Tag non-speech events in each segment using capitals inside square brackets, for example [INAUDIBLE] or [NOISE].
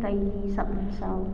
第二十五首。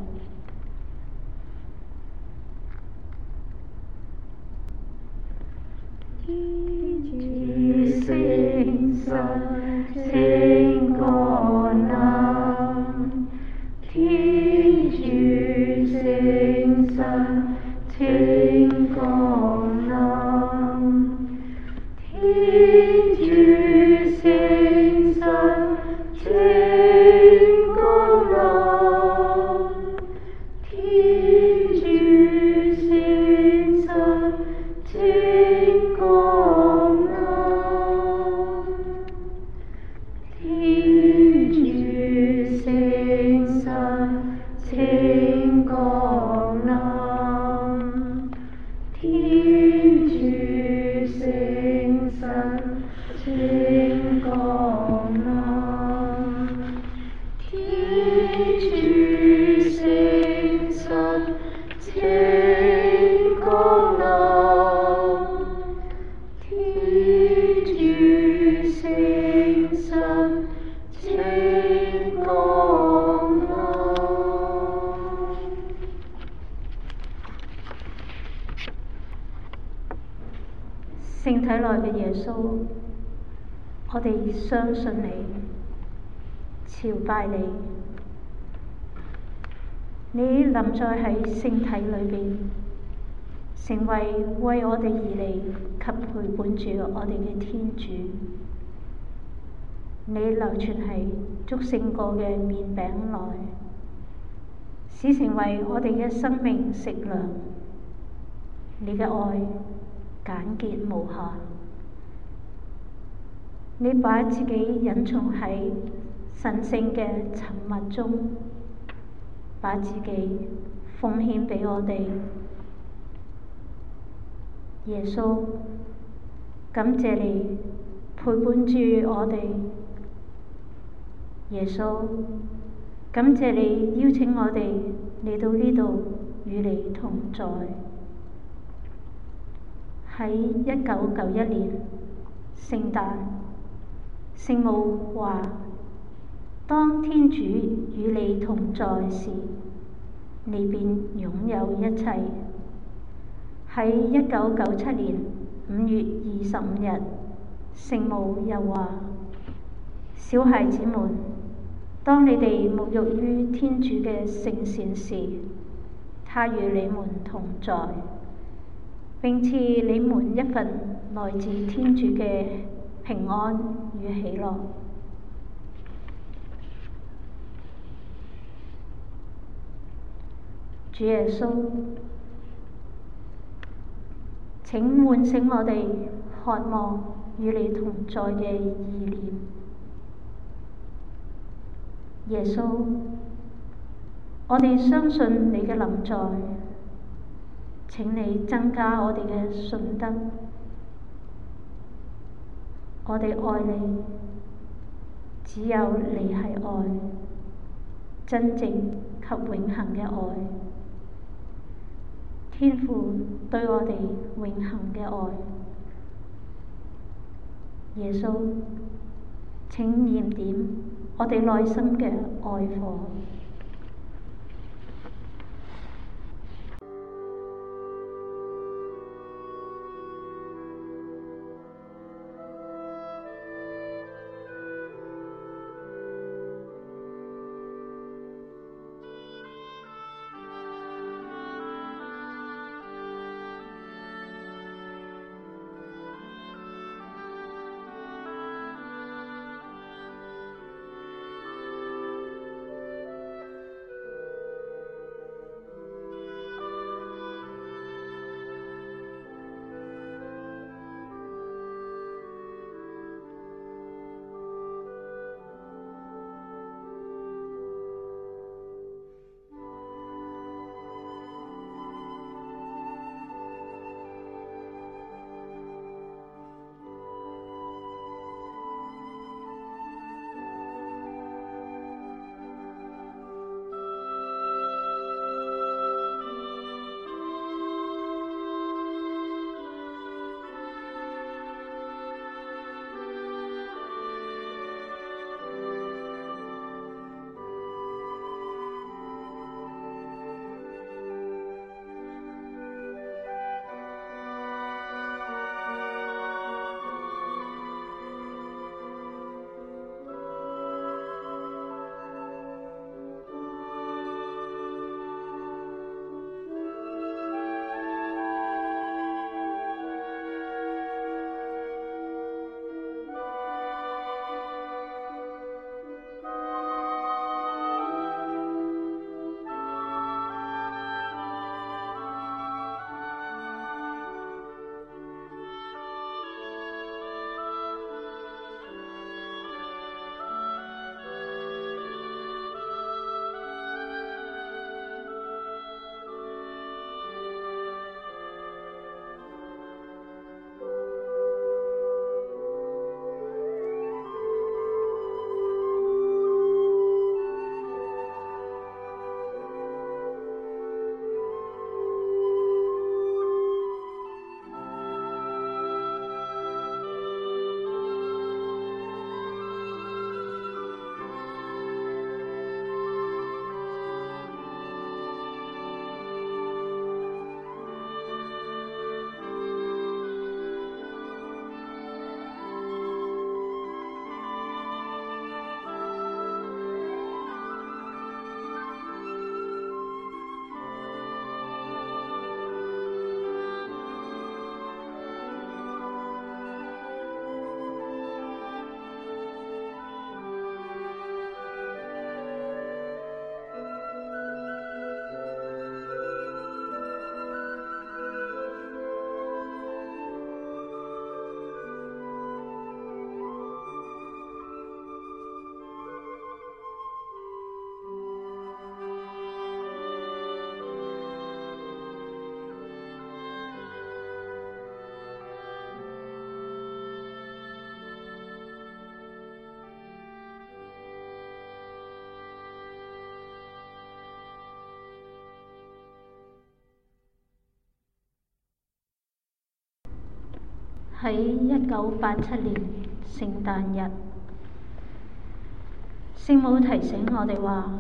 體內嘅耶穌，我哋相信你，朝拜你。你臨在喺聖體裏邊，成為為我哋而嚟、及陪伴住我哋嘅天主。你流傳喺祝聖過嘅麵餅內，使成為我哋嘅生命食糧。你嘅愛，簡潔無瑕，你把自己隱藏喺神聖嘅沉默中，把自己奉獻畀我哋，耶穌，感謝你陪伴住我哋，耶穌，感謝你邀請我哋嚟到呢度，與你同在。喺一九九一年聖誕，聖母話：當天主與你同在時，你便擁有一切。喺一九九七年五月二十五日，聖母又話：小孩子們，當你哋沐浴於天主嘅聖善時，祂與你們同在。並賜你們一份來自天主嘅平安與喜樂。主耶穌，請喚醒我哋渴望與你同在嘅意念。耶穌，我哋相信你嘅臨在。請你增加我哋嘅信德，我哋愛你，只有你係愛，真正及永恒嘅愛，天父對我哋永恒嘅愛，耶穌，請燃點我哋內心嘅愛火。喺一九八七年聖誕日，聖母提醒我哋話：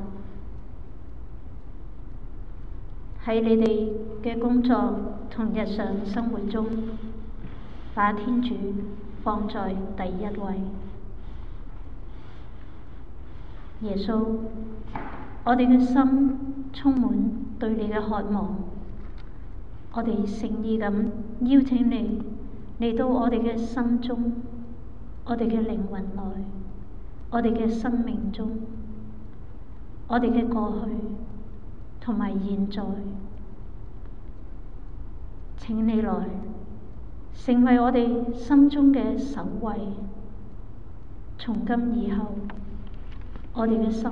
喺你哋嘅工作同日常生活中，把天主放在第一位。耶穌，我哋嘅心充滿對你嘅渴望，我哋誠意咁邀請你。嚟到我哋嘅心中，我哋嘅靈魂內，我哋嘅生命中，我哋嘅過去同埋現在，請你來成為我哋心中嘅首位。從今以後，我哋嘅心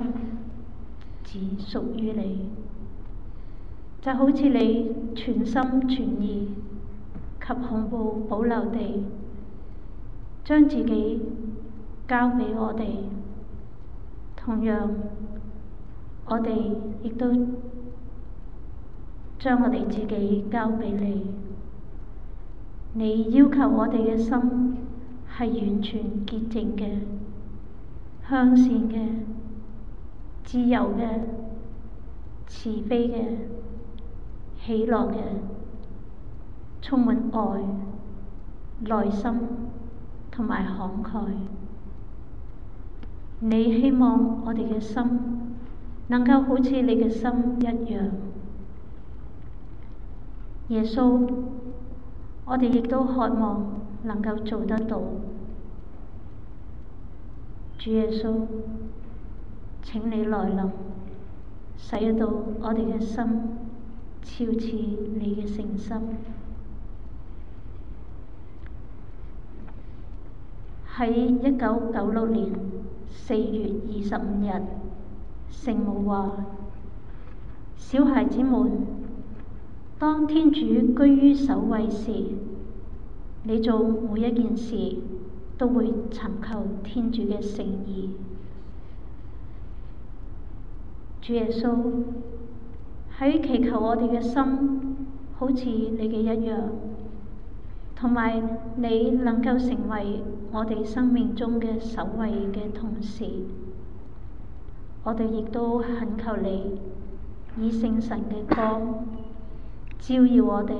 只屬於你，就好似你全心全意。及恐怖保留地，將自己交俾我哋。同樣，我哋亦都將我哋自己交俾你。你要求我哋嘅心係完全潔淨嘅、向善嘅、自由嘅、慈悲嘅、喜樂嘅。充滿愛、耐心同埋慷慨，你希望我哋嘅心能夠好似你嘅心一樣。耶穌，我哋亦都渴望能夠做得到。主耶穌，請你來臨，使到我哋嘅心超似你嘅誠心。喺一九九六年四月二十五日，聖母話：小孩子們，當天主居於首位時，你做每一件事都會尋求天主嘅誠意。主耶穌，喺祈求我哋嘅心好似你嘅一樣，同埋你能夠成為。我哋生命中嘅首位嘅同時，我哋亦都懇求你以聖神嘅光照耀我哋，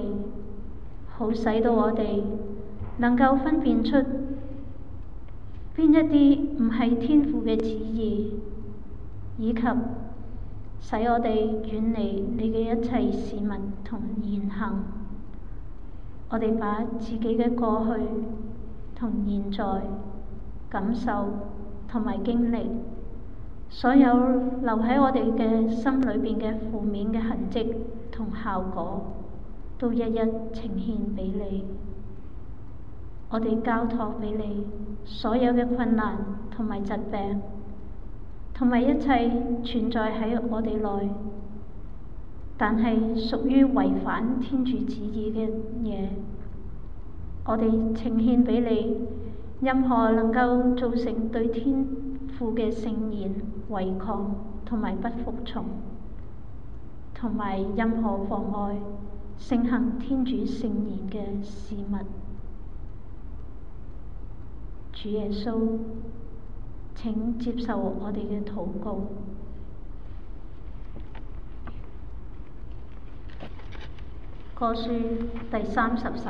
好使到我哋能夠分辨出邊一啲唔係天父嘅旨意，以及使我哋遠離你嘅一切事物同言行。我哋把自己嘅過去。同現在感受同埋經歷，所有留喺我哋嘅心裏邊嘅負面嘅痕跡同效果，都一一呈現俾你。我哋交託俾你，所有嘅困難同埋疾病，同埋一切存在喺我哋內，但係屬於違反天主旨意嘅嘢。我哋呈獻畀你，任何能夠造成對天父嘅聖言違抗同埋不服從，同埋任何妨礙聖行天主聖言嘅事物，主耶穌，請接受我哋嘅禱告。歌書第三十首。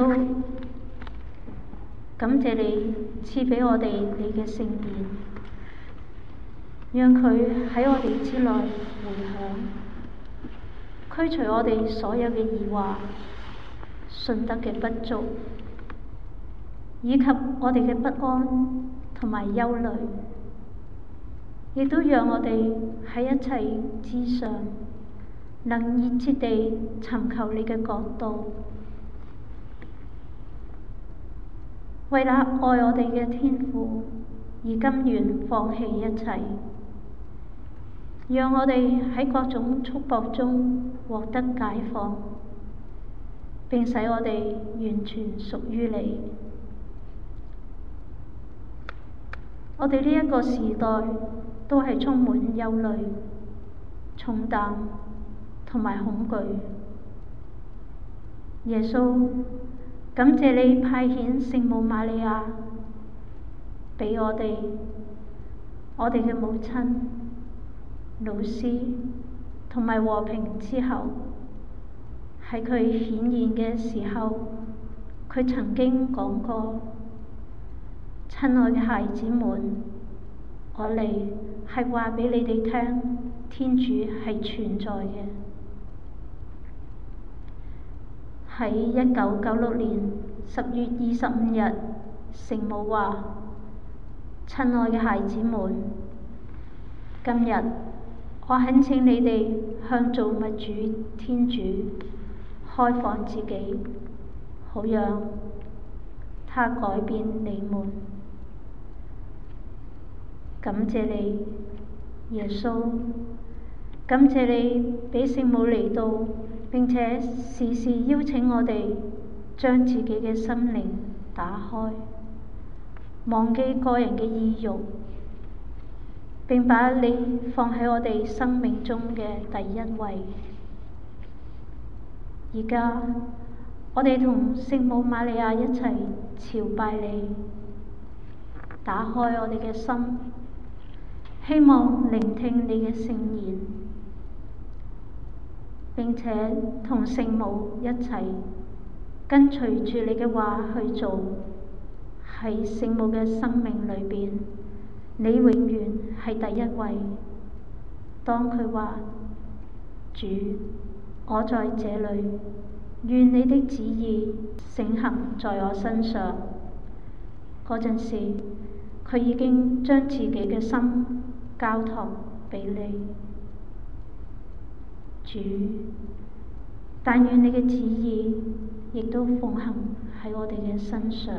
都感謝你賜俾我哋你嘅聖言，讓佢喺我哋之內回響，驅除我哋所有嘅疑惑、信德嘅不足，以及我哋嘅不安同埋憂慮，亦都讓我哋喺一切之上，能熱切地尋求你嘅國度。為了愛我哋嘅天父，而甘願放棄一切，讓我哋喺各種束縛中獲得解放，並使我哋完全屬於你。我哋呢一個時代都係充滿憂慮、重擔同埋恐懼，耶穌。感謝你派遣聖母瑪利亞俾我哋，我哋嘅母親、老師同埋和，和平之后，喺佢顯現嘅時候，佢曾經講過：親愛嘅孩子們，我嚟係話畀你哋聽，天主係存在嘅。喺一九九六年十月二十五日，聖母話：親愛嘅孩子們，今日我懇請你哋向造物主天主開放自己，好讓他改變你們。感謝你，耶穌！感謝你俾聖母嚟到。並且時時邀請我哋將自己嘅心靈打開，忘記個人嘅意欲，並把你放喺我哋生命中嘅第一位。而家，我哋同聖母瑪利亞一齊朝拜你，打開我哋嘅心，希望聆聽你嘅聖言。並且同聖母一齊跟隨住你嘅話去做，喺聖母嘅生命裏邊，你永遠係第一位。當佢話，主，我在這裏，願你的旨意成行在我身上嗰陣時，佢已經將自己嘅心交託俾你。主，但願你嘅旨意亦都奉行喺我哋嘅身上。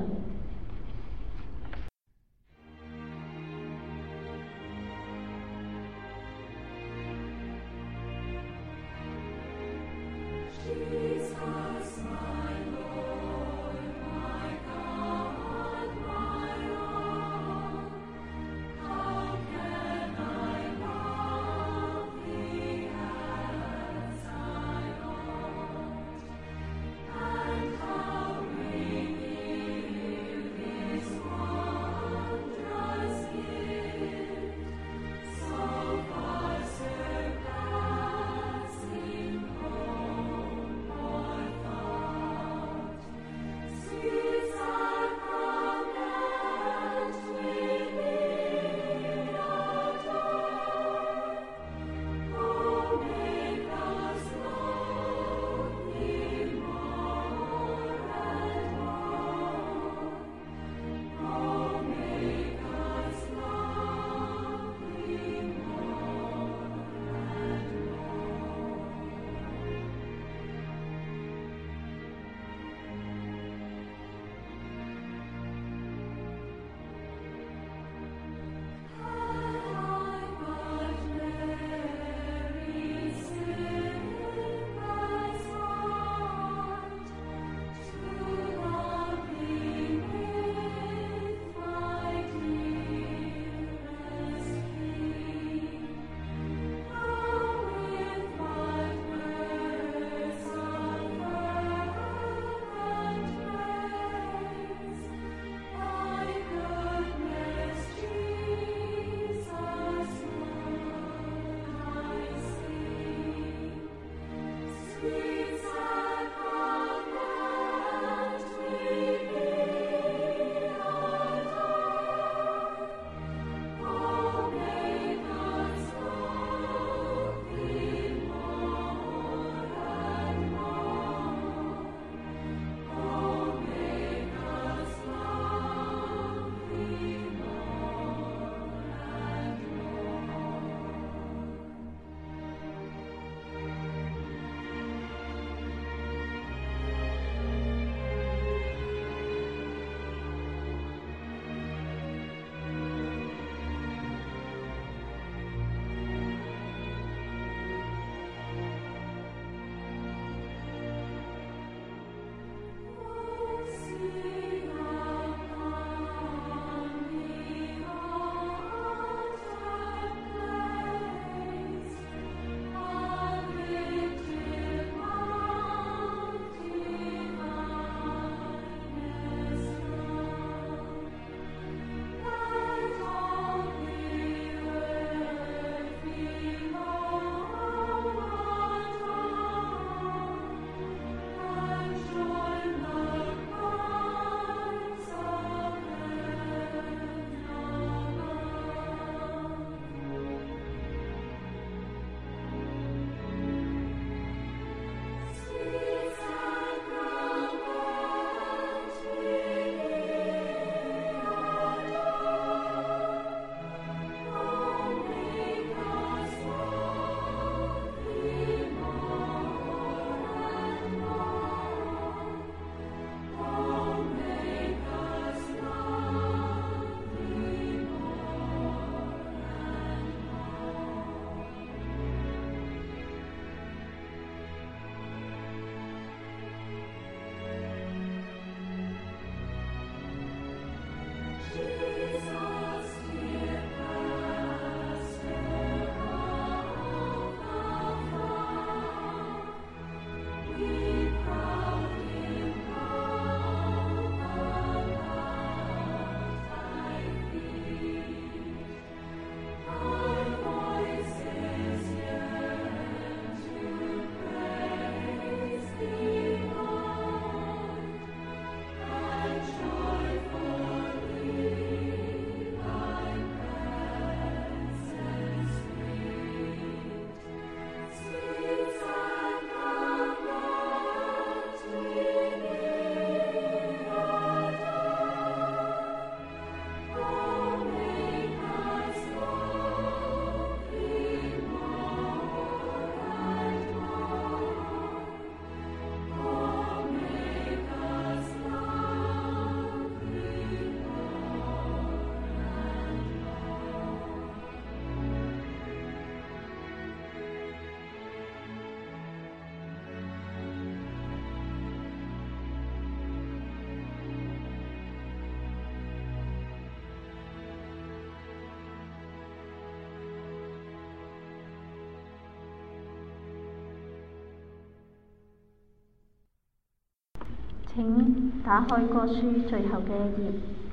請打開歌書最後嘅一頁，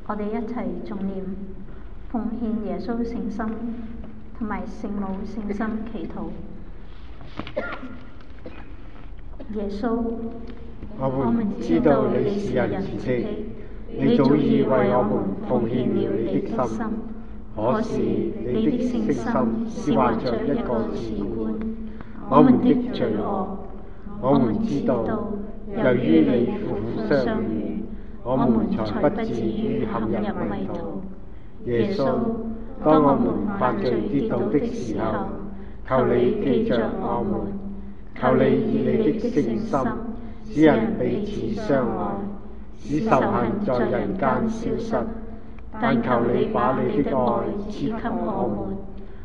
我哋一齊重念奉獻耶穌聖心，同埋聖母聖心祈禱。 [COUGHS] 耶穌，我們知道你是仁慈，你早已為我們奉獻了你的心，可是你的聖心是懷着一個事官，我們的罪惡，我們知道由於你相遇，我們才不至於陷入迷途。耶穌，當我們犯罪跌倒的時候，求你記着我們，求你以你的誠心使人彼此相愛，使仇恨在人間消失。但求你把你的愛賜給我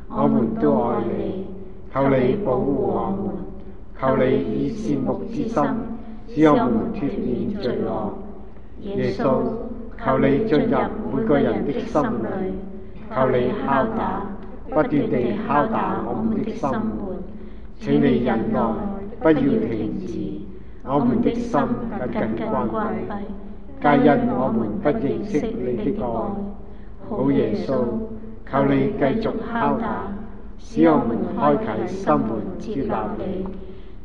們，我們都愛你。求你保護我們，求你以善憫之心。只有我們脱免罪惡。耶穌，求你進入每個人的心裏，求你敲打，不斷地敲打我們的心門。請你忍耐，不要停止。我們的心緊緊關閉，皆因我們不認識你的愛。好耶穌，耶穌求你繼續敲打，使我們開啟心門，接納你。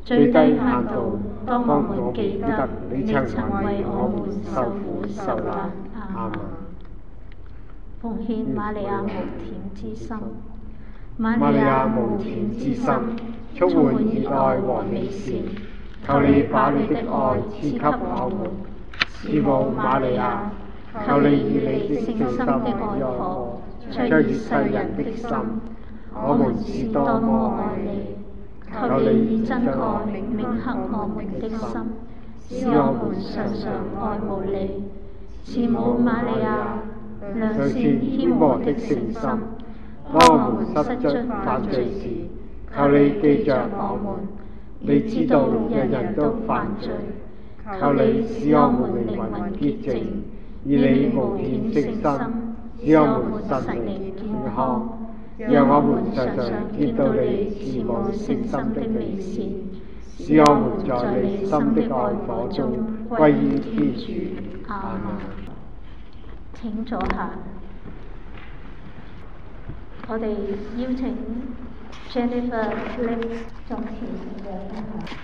最低限度，當我們記得、嗯、你曾為我們受苦受難，啊、奉獻瑪利亞無玷之心，瑪利亞無玷之心充滿熱愛和美善，求你把你的愛賜給我們，聖母瑪利亞，求你以你的聖心的愛火，進入世人的心，我，我們是多麼愛你。求你以真愛銘刻我們的心，使我們常常愛慕你。慈母瑪利亞，良善謙和的誠心。當我們失足犯罪時，求你記着我們。你知道人人都犯罪，求你使我們靈魂潔淨，以你無限的誠心，使我們心靈健康。讓我們常常見到你慈愛聖心的微笑，使我們在你心的愛火中歸於天主。阿們，請坐下。我哋邀請 Jennifer Nip 上前入座。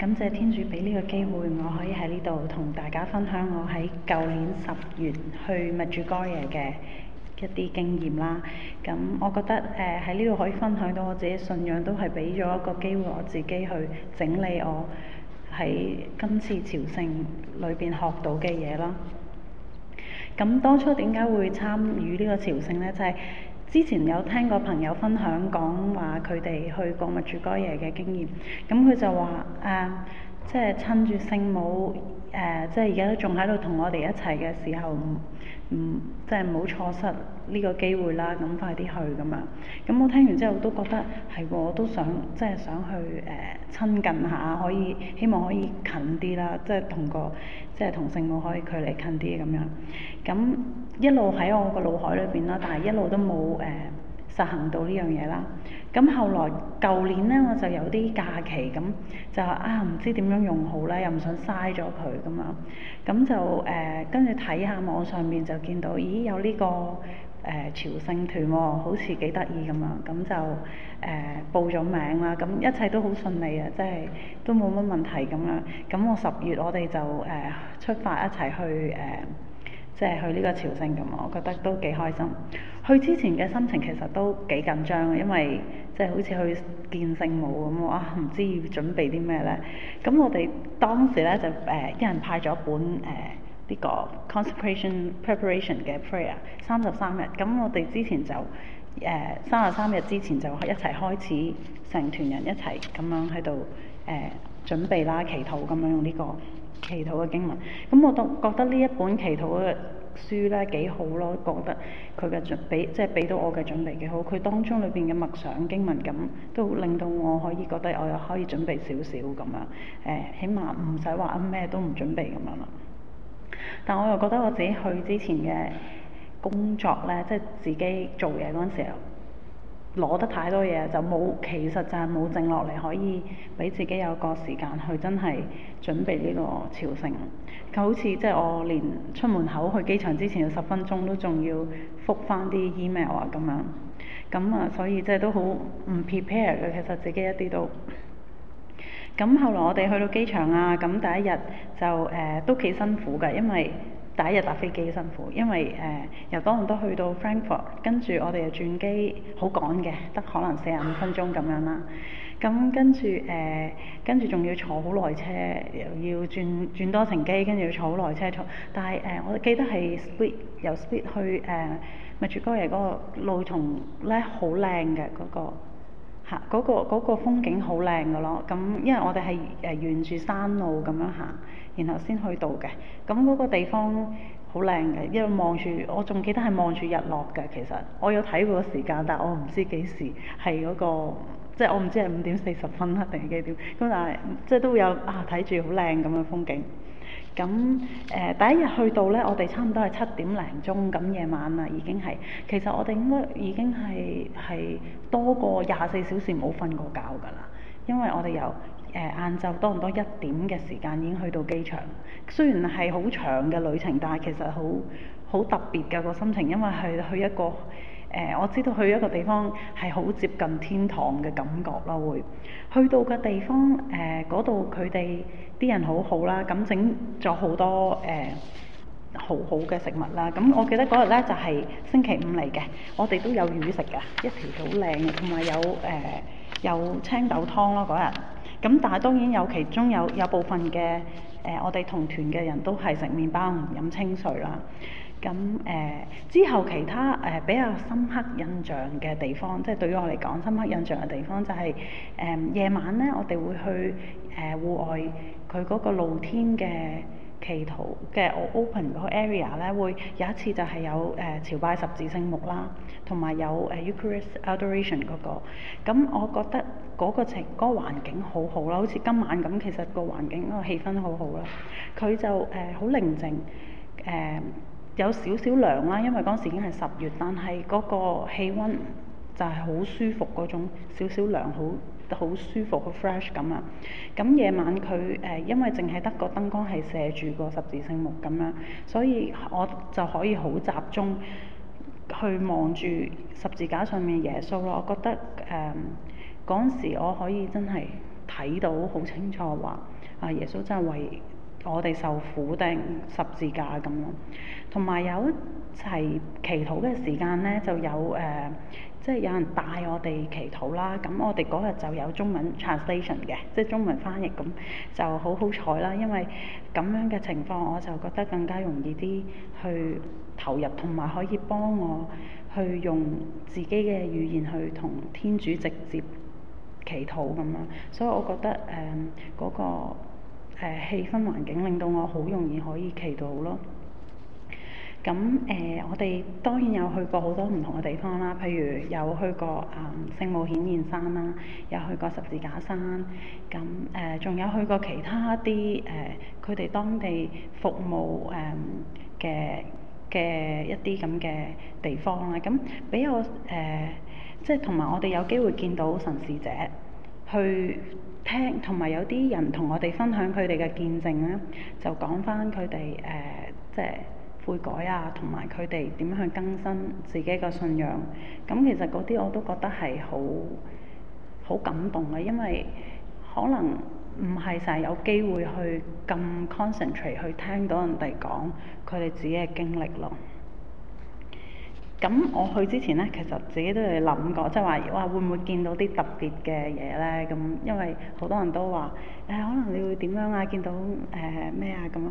感謝天主俾呢個機會，我可以喺呢度同大家分享我喺舊年十月去默主哥耶嘅一啲經驗啦。咁我覺得誒喺呢度可以分享到我自己信仰，都係俾咗一個機會我自己去整理我喺今次朝聖裏邊學到嘅嘢啦。咁當初點解會參與呢個朝聖呢？就係、是。之前有聽過朋友分享講話，佢哋去過默主哥耶嘅經驗。咁佢就話：“誒、呃，即係趁住聖母誒、呃，即係而家都仲喺度同我哋一齊嘅時候。嗯，即係唔好錯失呢個機會啦，咁快啲去咁啊！咁我聽完之後都覺得係喎，我都想即係想去誒、呃、親近下，可以希望可以近啲啦，即係同個即係同聖母可以距離近啲咁樣。咁一路喺我個腦海裏邊啦，但係一路都冇誒、呃、實行到呢樣嘢啦。咁後來舊年咧我就有啲假期咁，就啊唔知點樣用好咧，又唔想嘥咗佢噶嘛，咁就誒跟住睇下網上面，就見到，咦有呢、這個誒、呃、朝聖團喎，好似幾得意咁樣，咁就誒、呃、報咗名啦，咁一切都好順利啊，即係都冇乜問題咁樣，咁我十月我哋就誒、呃、出發一齊去誒。呃即係去呢個朝聖咁我覺得都幾開心。去之前嘅心情其實都幾緊張，因為即係、就是、好似去見聖母咁啊，唔知要準備啲咩咧。咁我哋當時咧就誒、呃、一人派咗本誒呢、呃呢個 consecration preparation 嘅 prayer 三十三日。咁我哋之前就誒三十三日之前就一齊開始，成團人一齊咁樣喺度誒準備啦、祈禱咁樣用呢、呢個。祈禱嘅經文，咁、嗯、我都覺得呢一本祈禱嘅書咧幾好咯，覺得佢嘅準俾即係俾到我嘅準備幾好，佢當中裏邊嘅默想經文咁，都令到我可以覺得我又可以準備少少咁樣，誒、嗯，起碼唔使話咩都唔準備咁樣啦。但我又覺得我自己去之前嘅工作咧，即係自己做嘢嗰陣時候。攞得太多嘢就冇，其實就係冇剩落嚟可以俾自己有個時間去真係準備呢個朝聖。佢好似即係我連出門口去機場之前嘅十分鐘都仲要覆返啲 email 啊咁樣，咁啊所以即係都好唔 prepare 嘅。其實自己一啲都。咁後來我哋去到機場啊，咁第一日就誒、呃、都幾辛苦㗎，因為。第一日搭飛機辛苦，因為誒、呃、由多倫多去到 Frankfurt，跟住我哋又轉機，好趕嘅，得可能四十五分鐘咁樣啦。咁跟住誒，跟住仲、呃、要坐好耐車，又要轉轉多程機，跟住要坐好耐車坐。但係誒、呃，我記得係 Split 由 Split 去誒、呃、Medjugorje 嗰個路途咧好靚嘅嗰個。嗰個嗰個風景好靚嘅咯，咁因為我哋係誒沿住山路咁樣行，然後先去到嘅，咁嗰個地方好靚嘅，因為望住我仲記得係望住日落嘅，其實我有睇過個時間，但我唔知幾時係嗰個，即係我唔知係五點四十分啦，定係幾點，咁但係即係都有啊，睇住好靚咁嘅風景。咁誒、呃、第一日去到呢，我哋差唔多係七點零鐘咁夜晚啦，已經係其實我哋應該已經係係多過廿四小時冇瞓過覺㗎啦，因為我哋由誒晏晝多唔多一點嘅時間已經去到機場，雖然係好長嘅旅程，但係其實好好特別㗎、嗰個心情，因為係去，去一個。誒、呃、我知道去一個地方係好接近天堂嘅感覺啦，會去到嘅地方，誒嗰度佢哋啲人好、呃、好啦，咁整咗好多誒好好嘅食物啦。咁我記得嗰日咧就係、是、星期五嚟嘅，我哋都有魚食嘅，一條好靚嘅，同埋有誒、呃、有青豆湯咯嗰日。咁但係當然有其中有有部分嘅誒、呃，我哋同團嘅人都係食麵包唔飲清水啦。咁誒、呃、之後其他誒、呃、比較深刻印象嘅地方，即係對於我嚟講深刻印象嘅地方、就係，就係誒夜晚咧，我哋會去誒戶、呃、外佢嗰個露天嘅祈禱嘅我 open 嗰個 area 咧，會有一次就係有誒、呃、朝拜十字聖木啦，同埋有誒、呃、Eucharist Adoration 嗰、嗰個。咁我覺得嗰個情嗰、嗰個環境好好啦，好似今晚咁，其實個環境個氣氛好好啦，佢就誒好、呃、寧靜誒。呃有少少涼啦，啊，因為嗰陣時已經係十月，但係嗰個氣温就係好舒服嗰種少少涼，好好舒服，好 fresh 咁啊！咁夜晚佢誒、呃，因為淨係得個燈光係射住個十字聖木咁樣，所以我就可以好集中去望住十字架上面耶穌咯。我覺得誒嗰陣時我可以真係睇到好清楚話啊，耶穌真係為我哋受苦定十字架咁樣，同埋有一齊祈禱嘅時間咧，就有誒，即係有人帶我哋祈禱啦。咁我哋嗰日就有中文 translation 嘅，即係中文翻譯，咁就好好彩啦。因為咁樣嘅情況，我就覺得更加容易啲去投入，同埋可以幫我去用自己嘅語言去同天主直接祈禱咁樣。所以我覺得誒嗰個，誒氣氛環境令到我好容易可以祈到咯。咁誒、呃，我哋當然有去過好多唔同嘅地方啦，譬如有去過啊、呃、聖母顯現山啦，有去過十字架山，咁誒仲有去過其他啲誒佢哋當地服務誒嘅嘅一啲咁嘅地方啦。咁俾我誒，即係同埋我哋有機會見到神視者去。聽同埋有啲人同我哋分享佢哋嘅見證咧，就講返佢哋誒，即係悔改啊，同埋佢哋點樣去更新自己嘅信仰。咁、嗯、其實嗰啲我都覺得係好，好感動嘅，因為可能唔係成日有機會去咁 concentrate 去聽到人哋講佢哋自己嘅經歷咯。咁我去之前咧，其實自己都有諗過，即係話哇會唔會見到啲特別嘅嘢咧？咁因為好多人都話誒、哎，可能你會點樣啊？見到誒咩啊咁。咁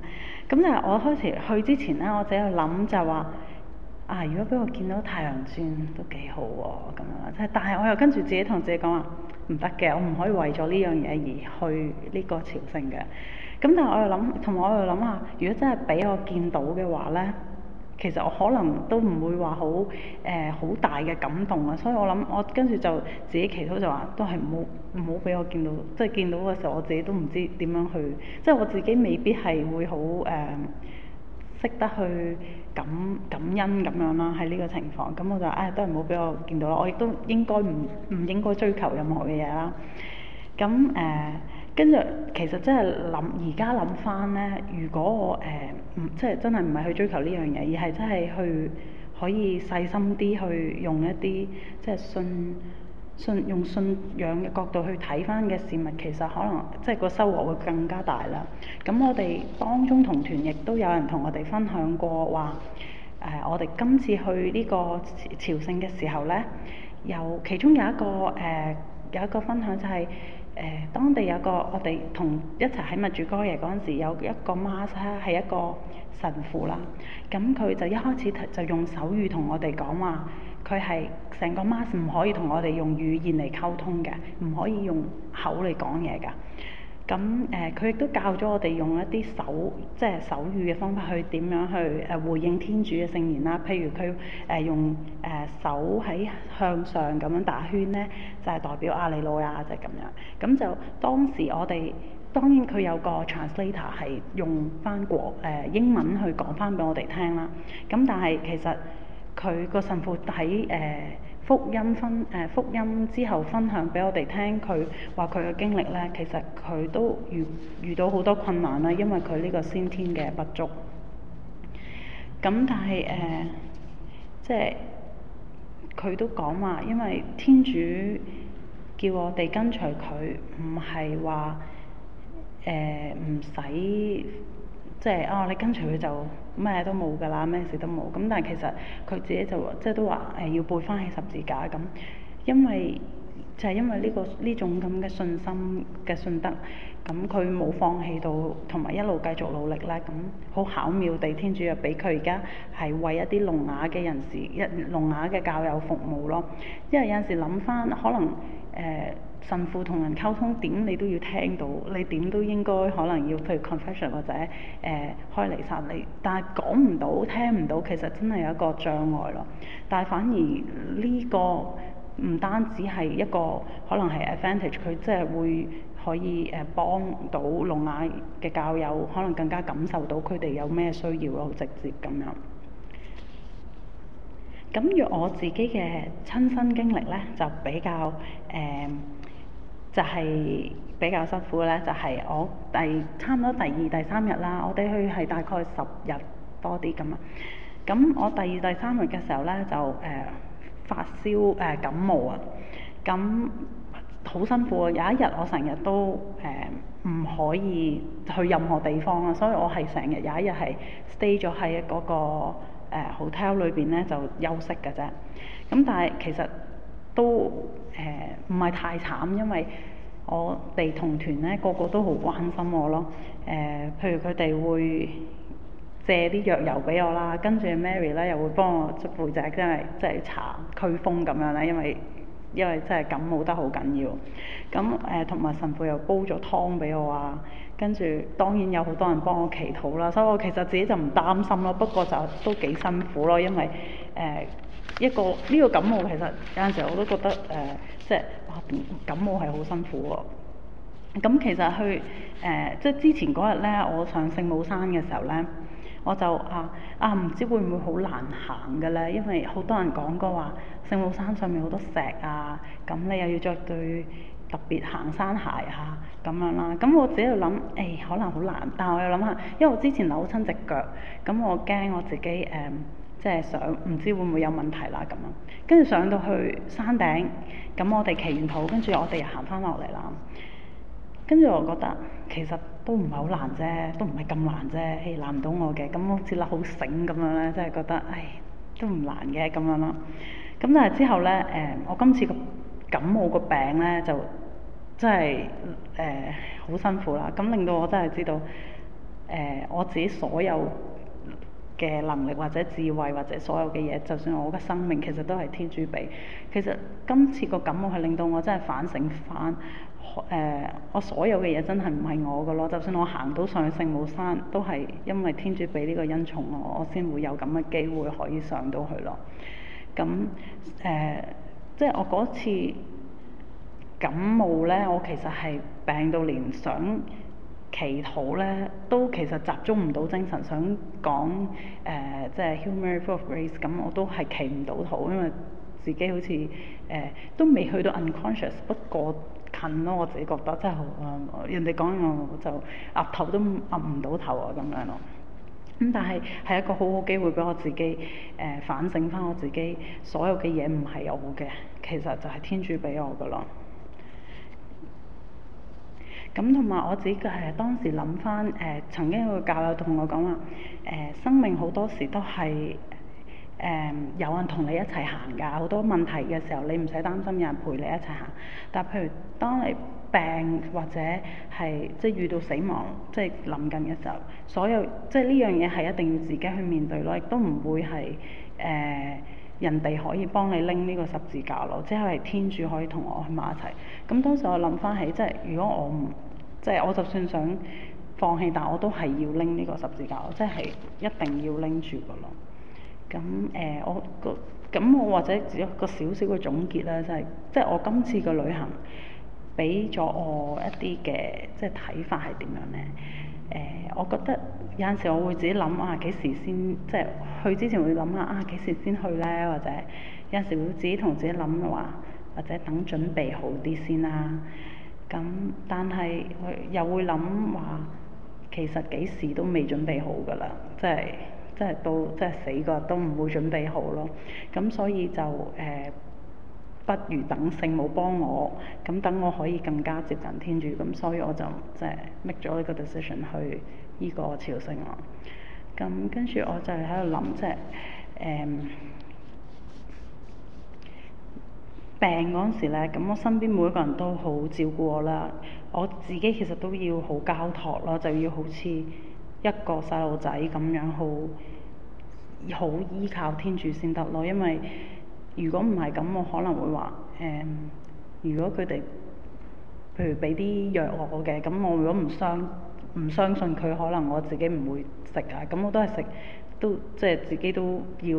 但係我開始去之前咧，我自己諗就話啊，如果俾我見到太陽轉都幾好喎、啊。咁樣即係，但係我又跟住自己同自己講話唔得嘅，我唔可以為咗呢樣嘢而去呢個朝聖嘅。咁但係我又諗，同埋我又諗下，如果真係俾我見到嘅話咧。其實我可能都唔會話好誒好大嘅感動啊，所以我諗我跟住就自己祈禱就話都係唔好俾我見到，即係見到嘅時候我自己都唔知點樣去，即係我自己未必係會好誒識得去感感恩咁樣啦。喺呢個情況，咁我就唉，都係唔好俾我見到啦。我亦都應該唔唔應該追求任何嘅嘢啦。咁誒。呃跟住，其實真係諗而家諗翻咧，如果我誒唔、呃、即係真係唔係去追求呢樣嘢，而係真係去可以細心啲去用一啲即係信信用信仰嘅角度去睇翻嘅事物，其實可能即係個收穫會更加大啦。咁我哋當中同團亦都有人同我哋分享過話，誒、呃、我哋今次去呢個朝聖嘅時候咧，又其中有一個誒、呃、有一個分享就係、是。誒，當地有個我哋同一齊喺默主哥耶嗰陣時，有一個 master 係一個神父啦。咁佢就一開始就用手語同我哋講話，佢係成個 master 唔可以同我哋用語言嚟溝通嘅，唔可以用口嚟講嘢㗎。咁誒，佢亦都教咗我哋用一啲手即係手語嘅方法去點樣去誒回應天主嘅聖言啦。譬如佢誒、呃、用誒、呃、手喺向上咁樣打圈咧，就係、是、代表阿里路亞就係咁樣。咁、嗯、就當時我哋當然佢有個 translator 係用翻國誒、呃、英文去講翻俾我哋聽啦。咁但係其實佢個神父喺誒。呃福音分誒、呃、福音之後分享俾我哋聽，佢話佢嘅經歷咧，其實佢都遇遇到好多困難啦，因為佢呢個先天嘅不足。咁但係誒、呃，即係佢都講話，因為天主叫我哋跟隨佢，唔係話誒唔使。呃即係哦，你跟隨佢就咩都冇㗎啦，咩事都冇。咁但係其實佢自己就即係都話誒要背翻起十字架咁，因為就係因為呢個呢種咁嘅信心嘅信德，咁佢冇放棄到，同埋一路繼續努力咧，咁好巧妙地天主又俾佢而家係為一啲聾啞嘅人士一聾啞嘅教友服務咯。因為有陣時諗翻可能誒。呃神父同人溝通點，你都要聽到，你點都應該可能要譬如 confession 或者誒、呃、開離撒你，但係講唔到聽唔到，其實真係有一個障礙咯。但係反而呢個唔單止係一個可能係 advantage，佢即係會可以誒幫到聾啞嘅教友，可能更加感受到佢哋有咩需要咯，好直接咁樣。咁若我自己嘅親身經歷咧，就比較誒。呃就係比較辛苦嘅咧，就係、是、我第差唔多第二、第三日啦。我哋去係大概十日多啲咁啊。咁我第二、第三日嘅時候咧，就誒、呃、發燒誒、呃、感冒啊。咁好辛苦啊！有一日我成日都誒唔、呃、可以去任何地方啦，所以我係成日有一日係 stay 咗喺嗰、那個、呃、hotel 裏邊咧就休息㗎啫。咁但係其實都～誒唔係太慘，因為我哋同團咧個個都好關心我咯。誒、呃，譬如佢哋會借啲藥油俾我啦，跟住 Mary 咧又會幫我捽背脊，即係即係搽驅風咁樣咧，因為因為真係感冒得好緊要。咁誒同埋神父又煲咗湯俾我啊，跟住當然有好多人幫我祈禱啦，所以我其實自己就唔擔心咯。不過就都幾辛苦咯，因為誒。呃一個呢、這個感冒其實有陣時候我都覺得誒、呃，即係啊感冒係好辛苦喎。咁、嗯、其實去誒、呃，即係之前嗰日咧，我上聖母山嘅時候咧，我就啊啊唔知會唔會好難行嘅咧，因為好多人講過話聖母山上面好多石啊，咁、嗯、你又要着對特別行山鞋啊咁樣啦、啊。咁、嗯、我自己就諗，誒、哎、可能好難，但係我又諗下，因為我之前扭親隻腳，咁、嗯、我驚我自己誒。呃即係想唔知會唔會有問題啦咁樣，跟住上到去山頂，咁我哋祈完禱，跟住我哋又行翻落嚟啦。跟住我覺得其實都唔係好難啫，都唔係咁難啫，誒、欸、難唔到我嘅。咁好似甩好醒咁樣咧，即係覺得，唉，都唔難嘅咁樣咯。咁但係之後咧，誒、呃、我今次個感冒個病咧就真係誒好辛苦啦。咁令到我真係知道，誒、呃、我自己所有嘅能力，或者智慧，或者所有嘅嘢，就算我嘅生命其實都係天主俾。其實今次個感冒係令到我真係反省翻，誒、呃、我所有嘅嘢真係唔係我個。咯就算我行到上聖母山，都係因為天主俾呢個恩寵，我我先會有咁嘅機會可以上到去咯。咁誒、呃、即係我嗰次感冒咧，我其實係病到連想。祈禱咧，都其實集中唔到精神，想講誒、呃，即係 humanity full of grace，咁我都係祈唔到禱，因為自己好似誒、呃、都未去到 unconscious，不過近咯，我自己覺得，真係好啊，人哋講我就壓頭都壓唔到頭啊咁樣咯。咁、嗯、但係係一個好好機會俾我自己誒、呃、反省翻我自己所有嘅嘢唔係我嘅，其實就係天主俾我噶咯。咁同埋我自己嘅係當時諗翻，誒、呃、曾經有個教友同我講話，誒、呃、生命好多時都係誒、呃、有人同你一齊行噶，好多問題嘅時候你唔使擔心有人陪你一齊行。但譬如當你病或者係即係遇到死亡，即係臨近嘅時候，所有即係呢樣嘢係一定要自己去面對咯，亦都唔會係誒、呃、人哋可以幫你拎呢個十字架咯，只係天主可以同我去埋一齊，咁、嗯、當時我諗翻起，即係如果我唔即係我就算想放棄，但我都係要拎呢個十字架，我即係一定要拎住噶咯。咁誒、呃，我個咁我或者只有個少少嘅總結啦，就係即係我今次嘅旅行，俾咗我一啲嘅即係睇法係點樣咧？誒、呃，我覺得有陣時我會自己諗啊，幾時先即係去之前會諗下啊，幾時先去咧？或者有陣時會自己同自己諗話，或者等準備好啲先啦，啊。咁，但係佢又會諗話，其實幾時都未準備好噶啦，即係即係到即係死個日都唔會準備好咯。咁所以就誒、呃，不如等聖母幫我，咁等我可以更加接近天主。咁所以我就即係 make 咗呢個 decision 去呢個朝聖啦。咁跟住我就喺度諗即係誒。嗯病嗰陣時咧，咁我身邊每一個人都好照顧我啦。我自己其實都要好交託咯，就要好似一個細路仔咁樣，好好依靠天主先得咯。因為如果唔係咁，我可能會話誒、嗯，如果佢哋譬如俾啲藥我嘅，咁我如果唔相唔相信佢，可能我自己唔會食啊。咁我都係食，都即係、就是、自己都要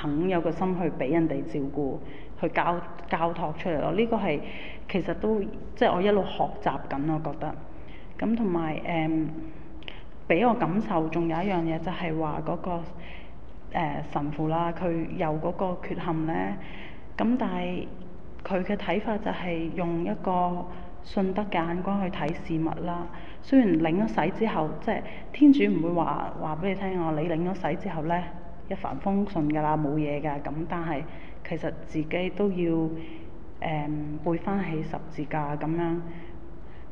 肯有個心去俾人哋照顧。佢教教托出嚟咯，呢、這個係，其實都即係我一路學習緊，我覺得。咁同埋誒、俾我感受，仲有一樣嘢就係話嗰個誒、呃、神父啦，佢有嗰個缺陷咧。咁但係，佢嘅睇法就係用一個信德嘅眼光去睇事物啦。雖然領咗洗之後，即係天主唔會話話俾你聽我、哦、你領咗洗之後咧，一帆風順㗎啦，冇嘢㗎，咁但係。其實自己都要誒、嗯、背翻起十字架咁樣，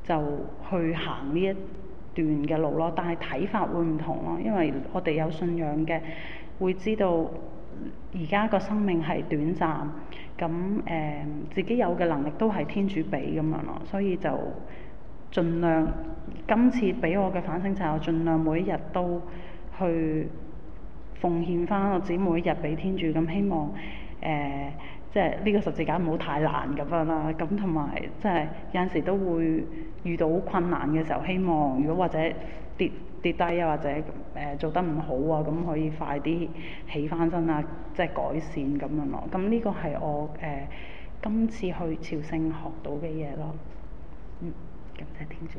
就去行呢一段嘅路咯。但係睇法會唔同咯，因為我哋有信仰嘅，會知道而家個生命係短暫，咁誒、嗯、自己有嘅能力都係天主俾咁樣咯。所以就盡量今次俾我嘅反省就係我，盡量每一日都去奉獻翻我自己，每一日俾天主。咁希望。誒、呃，即係呢個十字架唔好太難咁樣啦，咁同埋即係有陣時都會遇到困難嘅時候，希望如果或者跌跌低啊，或者誒、呃、做得唔好啊，咁可以快啲起翻身啊，即係改善咁樣咯。咁呢個係我誒、呃、今次去朝聖學到嘅嘢咯。嗯，感謝天主。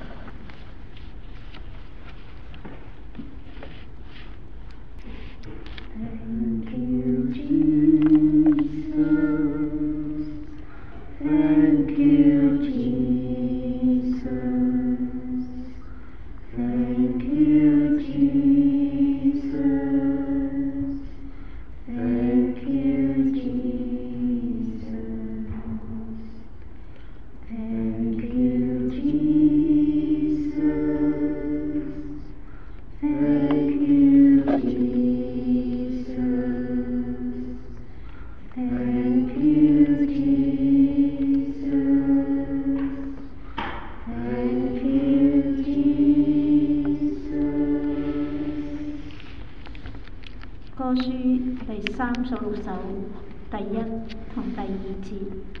數首第一同第二節。